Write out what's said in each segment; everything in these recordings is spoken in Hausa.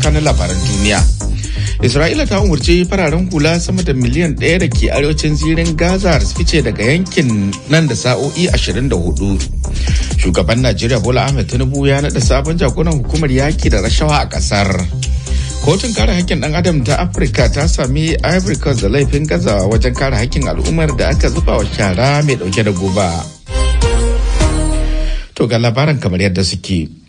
kanin labaran duniya. Isra'ila ta umarci fararen hula sama da miliyan ɗaya da ke arewacin zirin Gaza su fice daga yankin nan da sa'o'i 24. Shugaban Najeriya Bola Ahmed Tinubu ya naɗa sabon jagoran hukumar yaki da rashawa a ƙasar. Kotun kare haƙƙin ɗan adam ta Afirka ta sami Ivory Coast da laifin gaza wajen kare haƙƙin al'ummar da aka zuba wa shara mai ɗauke da guba. To ga labaran kamar yadda suke.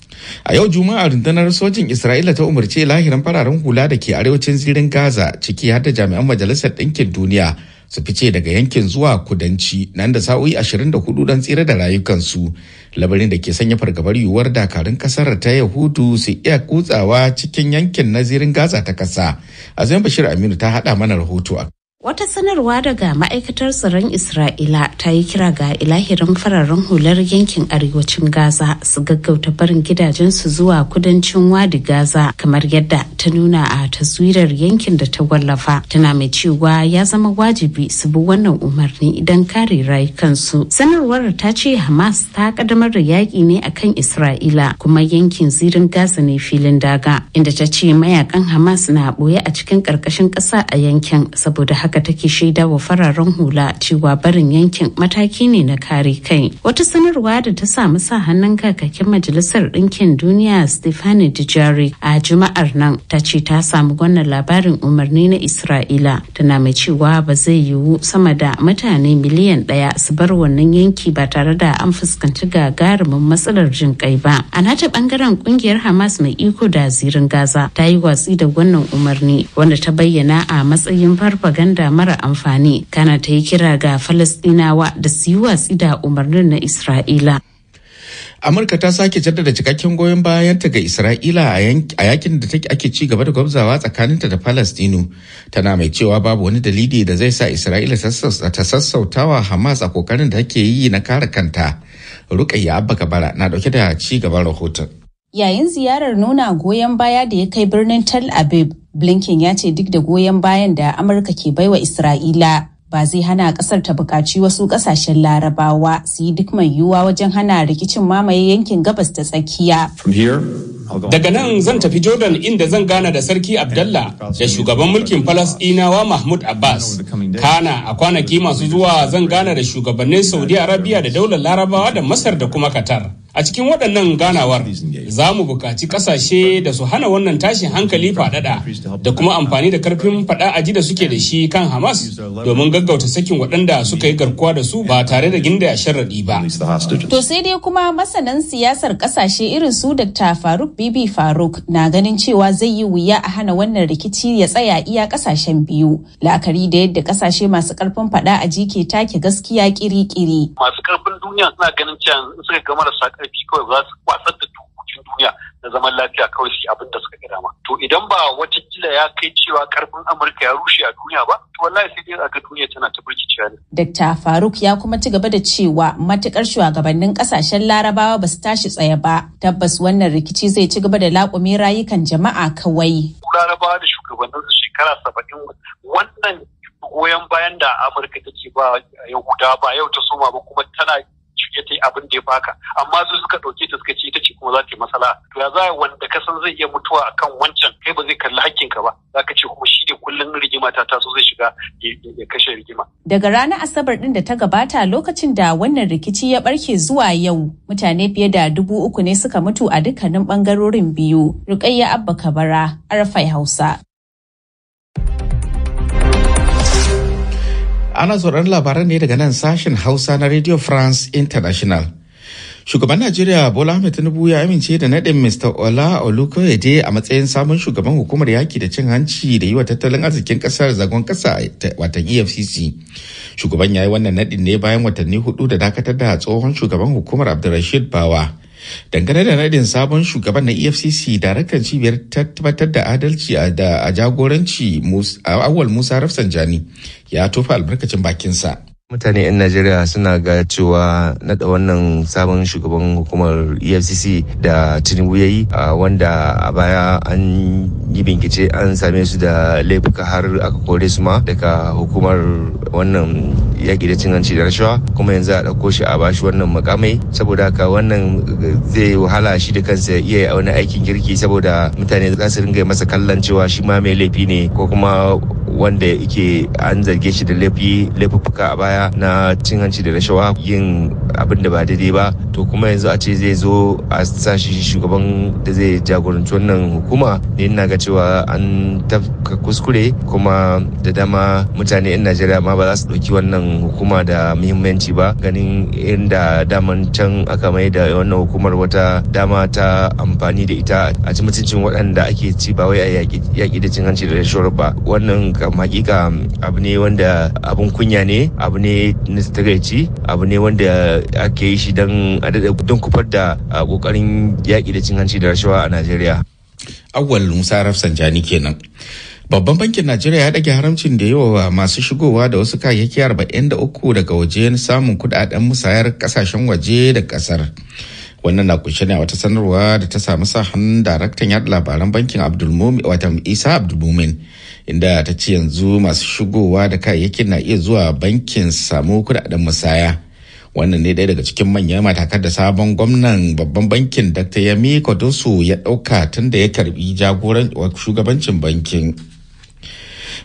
a yau juma'a rundunar sojin isra'ila ta umarce lahiran fararen hula da ke arewacin zirin gaza ciki har da jami'an majalisar ɗinkin duniya su fice daga yankin zuwa kudanci nan da sa'o'i 24 don tsira da rayukansu labarin da ke sanya fargabar yiwuwar dakarun kasar ta yahudu su iya kutsawa cikin yankin na zirin gaza ta ƙasa. azan bashir aminu ta haɗa mana rahoto a Wata sanarwa daga ma'aikatar tsaron Isra'ila ta yi kira ga ilahirin fararen hular yankin arewacin Gaza su gaggauta barin gidajensu zuwa kudancin wadi Gaza kamar yadda ta nuna a taswirar yankin da ta wallafa. Tana mai cewa ya zama wajibi su bi wannan umarni idan kare rayukansu. Sanarwar ta ce Hamas ta kaddamar da yaƙi ne akan Isra'ila kuma yankin zirin Gaza ne filin daga inda ta ce mayakan Hamas na ɓoye a cikin ƙarƙashin ƙasa a yankin saboda haka haka take shaida wa fararen hula cewa barin yankin mataki ne na kare kai wata sanarwa da ta samu sa hannun kakakin majalisar ɗinkin duniya stefani dijari a juma'ar nan ta ce ta samu wannan labarin umarni na isra'ila tana mai cewa ba zai yiwu sama da mutane miliyan ɗaya su bar wannan yanki ba tare da an fuskanci gagarumin matsalar jin kai ba a nata bangaren kungiyar hamas mai iko da zirin gaza ta yi watsi da wannan umarni wanda ta bayyana a matsayin farfaganda da mara amfani kana ta yi kira ga falasdinawa da su yi watsi da umarnin na isra'ila amurka ta sake jaddada cikakken goyon bayanta ga isra'ila a yakin da ake ci gaba da gwamzawa tsakaninta da palestinu tana mai cewa babu wani dalili da zai sa isra'ila ta sassautawa hamas a kokarin da ake yi na kare kanta rukayya abba kabara na dauke da ci gaban rahoton yayin ziyarar nuna goyon baya da ya kai birnin Tal aviv Blinken ya ce duk da goyon bayan da Amurka ke baiwa Isra'ila ba zai hana kasar ta buƙaci wasu ƙasashen larabawa su yi duk mai yiwuwa wajen hana rikicin mamaye yankin gabas da tsakiya. From here, Daga nan zan tafi Jordan inda zan gana da Sarki Abdallah da shugaban mulkin Falasɗinawa Mahmud Abbas. Kana a kwanaki masu zuwa zan gana da shugabannin Saudi Arabia da daular Larabawa da Masar da kuma Qatar. A cikin waɗannan ganawar za mu buƙaci ƙasashe da su hana wannan tashin hankali faɗaɗa da kuma amfani da ƙarfin faɗa a ji da suke da shi kan Hamas domin gaggauta sakin waɗanda suka yi garkuwa da su ba tare da ginda ya sharaɗi ba. To sai dai kuma masanan siyasar ƙasashe irin su Dr. Faruk Bibi Faruk na ganin cewa zai yi wuya a hana wannan rikici ya tsaya iya kasashen biyu. La'akari da yadda kasashe masu karfin fada a jike take gaskiya kiri-kiri. Masu karfin duniya suna ganin cewa in suka ga marasa karfi kawai za su kwasar da tukucin duniya da zaman lafiya kawai su abin da suka gida ma. To idan ba wata ya kai cewa karfin Amurka ya rushe a duniya ba, to wallahi sai dai ga duniya tana ta burkicewa ne. Dr. Faruk ya kuma ci gaba da cewa matukar shugabannin kasashen Larabawa ba su tashi tsaye ba, tabbas wannan rikici zai ci gaba da laƙumi rayukan jama'a kawai. Larabawa da shugabannin shekara saba'in wannan goyon bayan da Amurka take ba guda ba yau ta soma ba kuma tana abin da ya baka amma su suka ɗauke ta suka ce ita ce kuma za ta yi masala to ya za wanda ka san zai iya mutuwa akan wancan kai ba zai kalli hakkinka ba za ka ce kuma shi ne kullum rigima ta taso zai shiga ya kashe rigima. Daga ranar Asabar ɗin da ta gabata lokacin da wannan rikici ya barke zuwa yau mutane fiye da dubu uku ne suka mutu a dukkanin bangarorin biyu. Rukayya Abba Kabara, Arfai Hausa. ana tsoron labaran ne daga nan sashen hausa na radio france international shugaban najeriya bola ahmed tinubu ya amince da naɗin mr ola olukoyede a matsayin sabon shugaban hukumar yaki da cin hanci da yi wa tattalin arzikin ƙasar zagon ƙasa watan efcc shugaban ya yi wannan naɗin ne bayan watanni hudu da dakatar da tsohon shugaban hukumar abdulrashid bawa dangane da nadin sabon shugaban na efcc daraktan cibiyar tabbatar da adalci a jagoranci awal musa rafsanjani ya tofa albarkacin bakinsa mutane 'yan najeriya suna ga cewa naɗa wannan sabon shugaban hukumar efcc da tinubu ya yi wanda a baya an yi bincike an same su da laifuka har aka kore su ma daga hukumar wannan yaƙi da cin hanci da rashawa kuma yanzu a ɗauko shi a bashi wannan makamai saboda haka wannan zai wahala shi da kansa iya wani aikin kirki saboda mutane za su ringa masa kallon cewa shi ma mai laifi ne ko kuma wanda yake an zarge shi da laifi laifuka a baya na cin hanci da rashawa yin abin da ba daidai ba to kuma yanzu a ce zai zo a sa shi shugaban da zai jagoranci wannan hukuma ne ina ga cewa an tafka kuskure kuma da dama mutane 'yan najeriya ma ba za su ɗauki wannan hukuma da muhimmanci ba ganin inda daman can aka mai da wannan hukumar wata dama ta amfani da ita a ci mutuncin waɗanda ake ci ba wai a yaƙi da cin hanci da rashawar ba wannan hakika abu ne wanda abun kunya ne abu ne na tagaici abu ne wanda ake yi shi don a daɗa don kufar da kokarin yaƙi da cin hanci da rashawa a Najeriya. Awwal Musa Rafsanjani kenan. Babban bankin Najeriya ya ɗage haramcin da yawa masu shigowa da wasu kayayyaki arba'in da uku daga waje samun kuɗaɗen musayar kasashen waje da ƙasar Wannan na kunshe ne a wata sanarwa da ta samu sa hannun daraktan yaɗa labaran bankin Abdulmumin watan Isa Abdulmumin inda ta ce yanzu masu shigowa da kayayyakin na iya zuwa bankin samu kuɗaɗen musaya. wannan ne ɗaya daga cikin manyan matakan da sabon gwamnan babban bankin dr yami kodosu ya ɗauka tun da ya karbi jagoran shugabancin bankin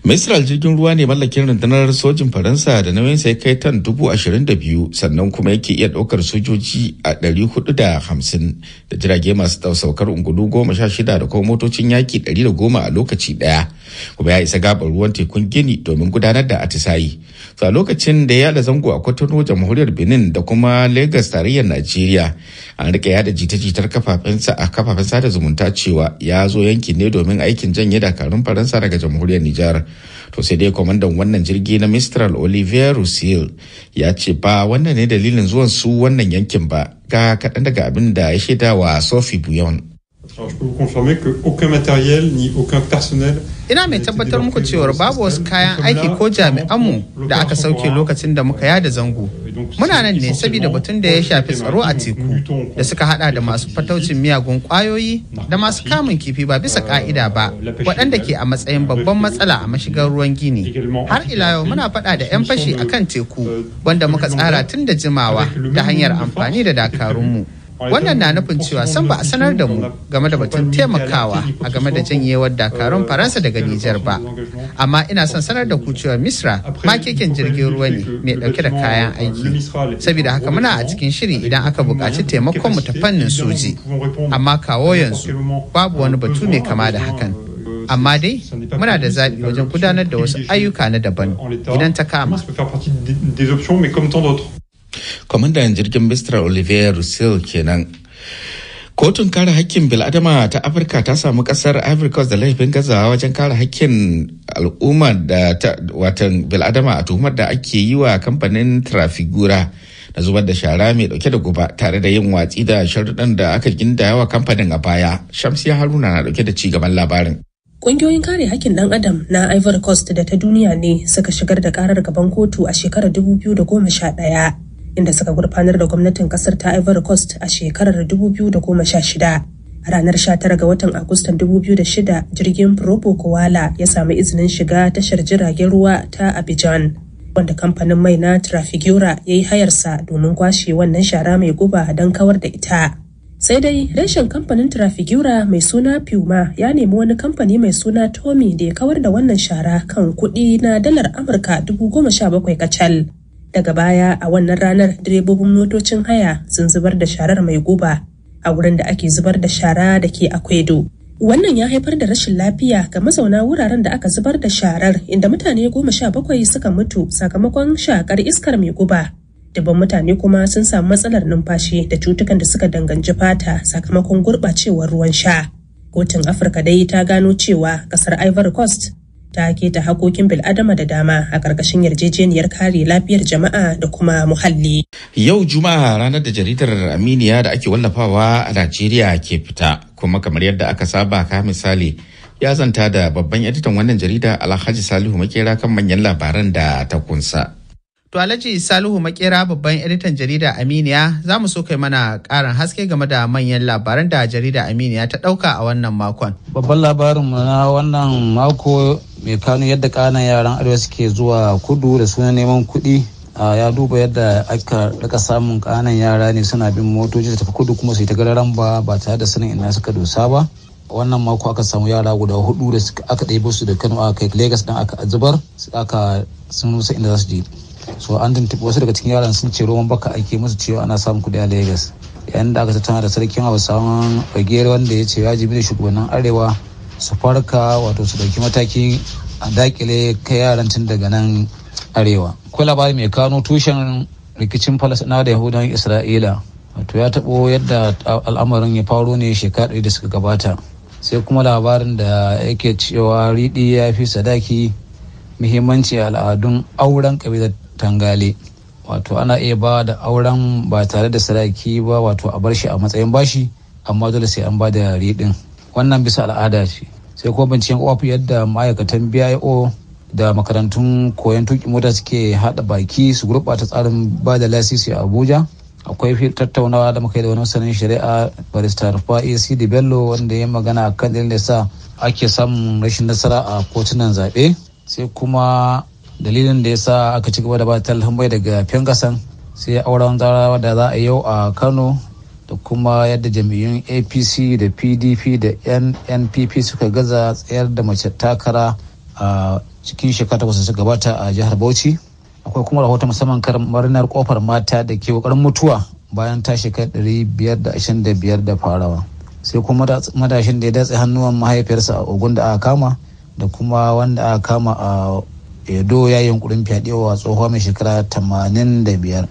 misral jirgin ruwa ne mallakin rundunar sojin faransa da nauyin sai kai tan dubu ashirin da biyu sannan kuma yake iya ɗaukar sojoji a ɗari hudu da hamsin da jirage masu saukar ungulu goma sha shida da kuma motocin yaki ɗari da goma a lokaci ɗaya kuma ya isa gabar ruwan tekun gini domin gudanar da atisayi a lokacin da ya yada zango a kwatano jamhuriyar benin da kuma lagos tarayyar najeriya an rika yada jita-jitar kafafensa a kafafen sada zumunta cewa ya zo yanki ne domin aikin janye dakarun faransa daga jamhuriyar nijar to sai dai kwamandan wannan jirgi na mistral olivier rusil ya ce ba wannan ne dalilin zuwan su wannan yankin ba ga kaɗan daga abin da ya shaida wa sophie buyon Alors, je peux vous confirmer qu'aucun matériel ni aucun personnel Ina mai tabbatar muku cewar babu wasu kayan aiki ko jami'anmu da aka sauke lokacin da muka yada zango. Muna nan ne saboda batun da ya shafi tsaro a teku da suka hada da masu fataucin miyagun kwayoyi da masu kamun kifi ba bisa euh, ka'ida ba waɗanda ke a matsayin babban matsala a mashigar ruwan gini. Har ila yau muna faɗa da 'yan fashi akan teku euh, wanda muka tsara tun da jimawa ta hanyar amfani da dakarunmu. wannan na nufin cewa san ba a sanar da mu game da batun taimakawa a game da janyewar dakarun faransa daga nijar ba amma ina son sanar da ku cewa misra makekin jirgin ruwa ne mai dauke da kayan aiki saboda haka muna a cikin shiri idan aka buƙaci taimakon mu ta fannin soji amma kawo yanzu babu wani batu mai kama da hakan amma dai muna da zaɓi wajen gudanar da wasu ayyuka na daban idan ta kama kwamandan jirgin mr olivier russell kenan kotun kare hakkin biladama ta afirka ta samu kasar ivory coast da laifin gazawa wajen kare hakkin al'umma da watan biladama a tuhumar da ake yi wa kamfanin trafigura na zubar da shara mai dauke da guba tare da yin watsi da sharuɗan da aka gindaya wa kamfanin a baya shamsiya haruna na dauke da ci gaban labarin Ƙungiyoyin kare hakkin ɗan adam na Ivory Coast da ta duniya ne suka shigar da karar gaban kotu a shekarar 2011 inda suka gurfanar da gwamnatin kasar ta Ivory Coast a shekarar 2016. Ranar 19 ga watan Agustan 2006 jirgin Probo Kowala ya sami izinin shiga tashar jiragen ruwa ta Abidjan. Wanda kamfanin mai na Trafigura ya yi hayarsa domin kwashe wannan shara mai guba don kawar da ita. sai dai reshen kamfanin trafigura mai suna puma ya nemi wani kamfani mai suna tommy da ya kawar da wannan shara kan kuɗi na dalar amurka 17,000 kacal daga baya a wannan ranar direbobin motocin haya sun zubar da sharar mai guba a wurin da ake zubar da shara da ke akwedo. wannan ya haifar da rashin lafiya ga mazauna wuraren da aka zubar da sharar inda mutane goma sha bakwai suka mutu sakamakon shakar iskar mai guba dubban mutane kuma sun samu matsalar numfashi da cutukan da suka danganci fata sakamakon gurɓacewar ruwan sha kotun afirka dai ta gano cewa kasar ivory coast ta keta hakokin bil'adama da dama a ƙarƙashin yarjejeniyar kare lafiyar jama'a da kuma muhalli. Yau Juma'a ranar da jaridar Aminiya da ake wallafawa a Najeriya ke fita kuma kamar yadda aka saba ka misali ya zanta da babban editan wannan jarida Alhaji Salihu Makera kan manyan labaran da ta kunsa. To Alhaji Salihu Makera babban editan jarida Aminiya za mu so kai mana karin haske game da manyan labaran da jarida Aminiya ta dauka a wannan makon. Babban labarin na wannan mako mai kano yadda kanan yaran arewa suke zuwa kudu da suna neman kuɗi ya duba yadda aka rika samun kanan yara ne suna bin motoci da tafi kudu kuma su yi ta ba ba tare da sanin ina suka dosa ba. wannan mako aka samu yara guda hudu da aka ɗebo su da kano aka kai lagos dan aka su aka sun nusa inda za su je so an tuntuɓi wasu daga cikin yaran sun ce roman baka ake musu cewa ana samun kuɗi a lagos yayin da aka tattauna da sarkin hausawan bagiyar wanda ya ce wajibi da shugabannin arewa su farka wato su dauki mataki a dakile kai yaran tun daga nan arewa akwai labari mai kano tushen rikicin falasina da yahudan isra'ila wato ya taɓo yadda al'amarin ya faro ne shekaru da suka gabata sai kuma labarin da yake cewa riɗi ya fi sadaki muhimmanci a al'adun auren ƙabilar tangale wato ana iya ba da auren ba tare da sadaki ba wato a bar shi a matsayin bashi amma dole sai an ba da riɗin wannan bisa al'ada ce sai kuma binciken of yadda ma'aikatan bio da makarantun koyon tuki mota suke hada baki su gurɓata tsarin ba da lasisi a abuja akwai tattaunawa da muka yi da wani sanin shari'a barista rufa'i da bello wanda ya magana kan dalilin da sa ake samun rashin nasara a kotunan zaɓe sai kuma dalilin da ya sa aka ci gaba da bata talhan daga kasan sai auren zarawa da za a yau a kano da kuma yadda jami'in apc da pdp da nnpp suka gaza tsayar da mace takara a cikin shekara takwas suka gabata a jihar bauchi akwai kuma rahoton musamman kar marinar kofar mata da ke kokarin mutuwa bayan ta shekara ɗari biyar da ashirin da biyar da farawa sai kuma madashin da ya datse hannuwan mahaifiyarsa a ogun da aka kama da kuma wanda aka kama a edo ya yi yunkurin fyaɗewa tsohuwa mai shekara tamanin da biyar.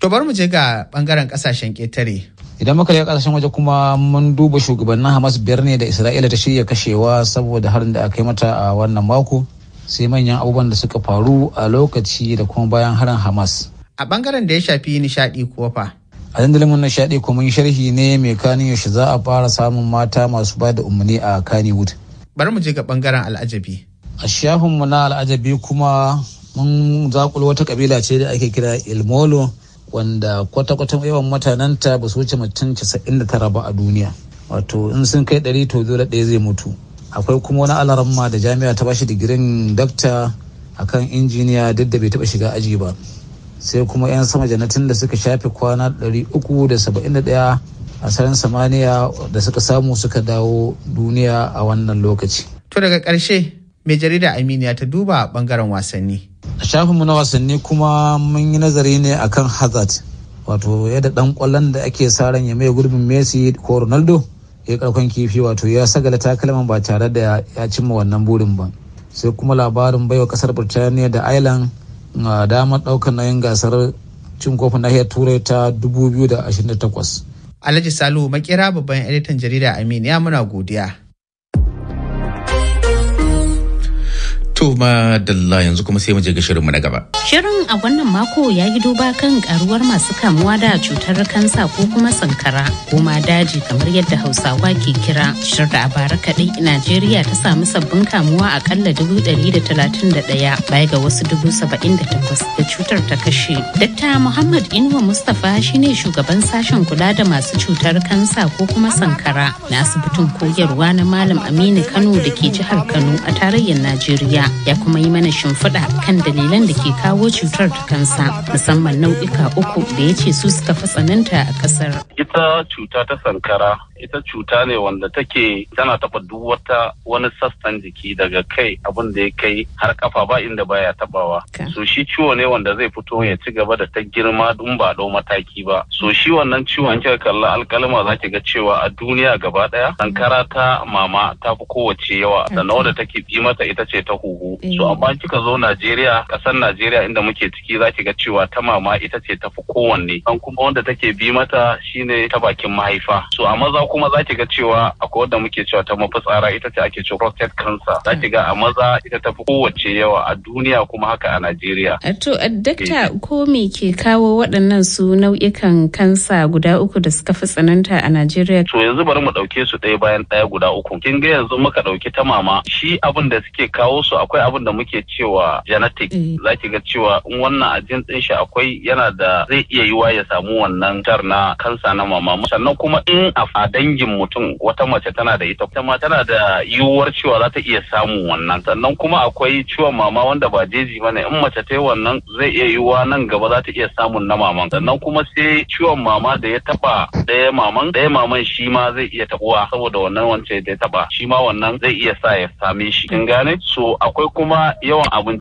to bar mu je ga bangaren ƙasashen ƙetare idan muka ya ƙasashen waje kuma mun duba shugabannin hamas biyar ne da isra'ila ta shirya kashewa saboda harin da aka yi mata a wannan mako sai manyan abubuwan da suka faru a lokaci da kuma bayan harin hamas a bangaren da ya shafi nishaɗi kuwa fa a dandalin mun nishadi kuma mun sharhi ne mai kanin yaushe za a fara samun mata masu ba da umarni a kannywood bari mu je ga bangaren al'ajabi a shafinmu na al'ajabi kuma mun zakulo wata kabila ce da ake kira ilmolo wanda kwata-kwata yawan mutanenta ba su wuce mutum casa'in tara ba a duniya wato in sun kai ɗari to dole ɗaya zai mutu akwai kuma wani alaramma da jami'a ta bashi digirin dakta akan injiniya duk da bai taɓa shiga aji ba sai kuma 'yan sama janatin da suka shafe kwana 371 a sarin samaniya da suka samu suka dawo duniya a wannan lokaci. To daga ƙarshe mai jarida aminiya ta duba bangaren wasanni a shafinmu na wasanni kuma mun yi nazari ne akan hazard wato yadda dan kwallon da ake sa ran ya mai gurbin messi ko ronaldo ya karkon kifi wato ya sagala takalman ba tare da ya cimma wannan burin ba sai kuma labarin baiwa kasar birtaniya da ireland ah, damar daukar nayin gasar cin kofin nahiyar turai ta 2028 alhaji salu makera babban editan jarida aminiya muna godiya To ma dalla yanzu kuma sai mu je ga shirinmu na gaba. Shirin a wannan mako ya yi duba kan karuwar masu kamuwa da cutar kansa ko kuma sankara ko ma daji kamar yadda Hausawa ke kira. Shirin da a bara kaɗai Najeriya ta samu sabbin kamuwa akalla dubu ɗari da talatin da ɗaya baya ga wasu dubu saba'in da takwas da cutar ta kashe. Dakta Muhammad Inuwa Mustapha shine shugaban sashen kula da masu cutar kansa ko kuma sankara na asibitin koyarwa na Malam Aminu Kano da ke jihar Kano a tarayyar Najeriya. ya kuma yi mana shimfiɗa kan dalilan da ke kawo cutar ta kansa musamman nau'ika uku da ya ce su suka fi tsananta a ƙasar. ita cuta ta sankara ita cuta ne wanda take tana taba duk wata wani sassan jiki daga kai abin da ya kai har kafa ba inda baya tabawa so shi ciwo ne wanda zai fito ya ci gaba da ta girma dun ba dau mataki ba so shi wannan ciwon kika kalla alkalma zaki ga cewa a duniya gaba daya sankara ta mama ta fi kowace yawa sannan wadda take bi mata ita ce ta huhu eh. so amma kika zo Najeriya kasar Najeriya inda muke ciki zaki ga cewa ta mama ita ce ta fi kowanne an kuma wanda take bi mata shine sai ta bakin mahaifa so a maza kuma za ki ga cewa akwai wadda muke cewa ta mafitsara ita ce ake cewa prostate cancer za ki ga a maza ita ta fi kowace yawa a duniya kuma haka a Najeriya. Eh, to eh, dakta ko me ke kawo waɗannan su nau'ikan kansa guda uku da suka fi tsananta a Najeriya? To yanzu bari mu ɗauke su ɗaya bayan ɗaya guda uku. Kin ga yanzu muka ɗauki ta mama shi abin da suke kawo su akwai abin da muke cewa genetic eh. za ki ga cewa in wannan ajin ɗin shi akwai yana da zai iya yiwa ya samu wannan tar na kansa na girmama mu sannan kuma in a dangin mutum wata mace tana da ita kuma tana da yiwuwar cewa za ta iya samun wannan sannan kuma akwai ciwon mama wanda ba jeji ba bane in mace ta yi wannan zai iya yiwuwa nan gaba za ta iya samun na maman sannan kuma sai ciwon mama da ya taba ɗaya maman ɗaya maman shi ma zai iya tabuwa saboda wannan wance da ya taba shi ma wannan zai iya sa ya same shi kin gane so akwai kuma yawan abinci